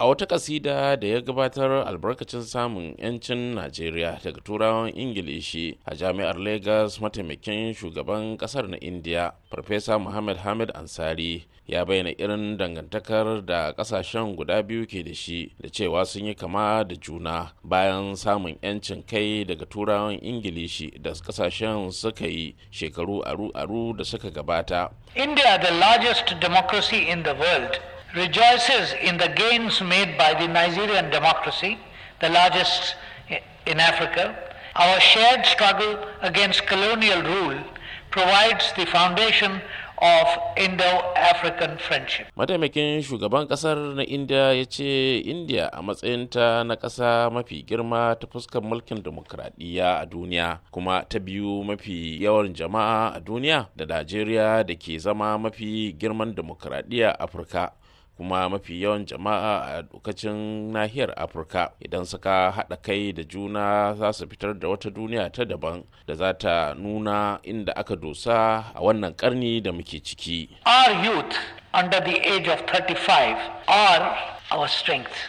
a wata kasida da ya gabatar albarkacin samun 'yancin najeriya daga turawan ingilishi a jami'ar lagos mataimakin shugaban kasar na india farfesa muhammad hamid ansari ya bayyana irin dangantakar da kasashen guda biyu ke da shi da cewa sun yi kama da juna bayan samun 'yancin kai daga turawan ingilishi da kasashen suka yi shekaru aru-aru da suka gabata india the largest democracy in the world rejoices in the gains made by the Nigerian democracy, the largest in Africa. Our shared struggle against colonial rule provides the foundation of Indo-African friendship. Mataimakin shugaban kasar na India ya ce India a matsayinta na ƙasa mafi girma ta fuskar mulkin demokradiyya a duniya kuma ta biyu mafi yawan jama'a a duniya da Najeriya da ke zama mafi girman demokradiyya Afirka. kuma mafi yawan jama'a a lokacin nahiyar afirka idan suka haɗa kai da juna za su fitar da wata duniya ta daban da za ta nuna inda aka dosa a wannan karni da muke ciki our youth under the age of 35 are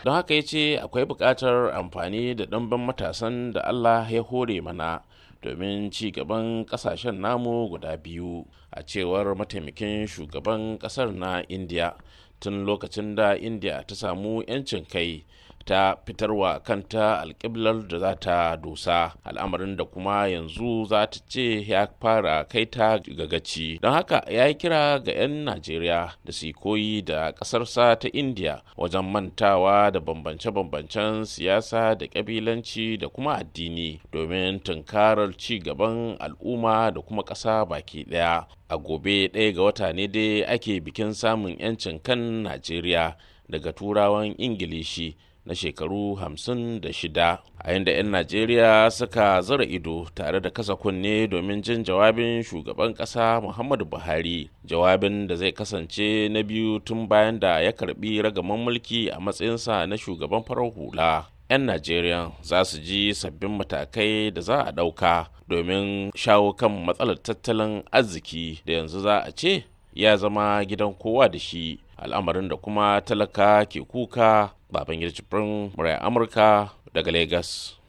Don haka ya ce akwai bukatar amfani da ɗanban matasan da Allah ya hore mana domin ci gaban kasashen namu guda biyu a cewar mataimakin shugaban kasar na india tun lokacin da india ta samu 'yancin kai ta fitarwa kanta alƙiblar da za ta dosa al'amarin da kuma yanzu za ta ce ya fara kai ta gagaci don haka ya yi kira ga 'yan najeriya da su koyi da ƙasarsa ta indiya wajen mantawa da bambance-bambancen siyasa da ƙabilanci da kuma addini domin tunkarar ci gaban al'umma da kuma ƙasa baki ɗaya a gobe ɗaya ga wata ne dai ake bikin samun 'yancin kan najeriya daga turawan ingilishi na shekaru 56 a yadda 'yan najeriya suka zara ido tare da kasa kunne domin jin jawabin shugaban kasa muhammadu buhari jawabin da zai kasance na biyu tun bayan da ya karbi ragaman mulki a matsayinsa na shugaban farar hula 'yan najeriya za su ji sabbin matakai da za a ɗauka domin shawo kan matsalar tattalin arziki da yanzu za a ce ya zama gidan kowa da shi al'amarin da kuma talaka ke kuka baban cibin murai amurka daga lagos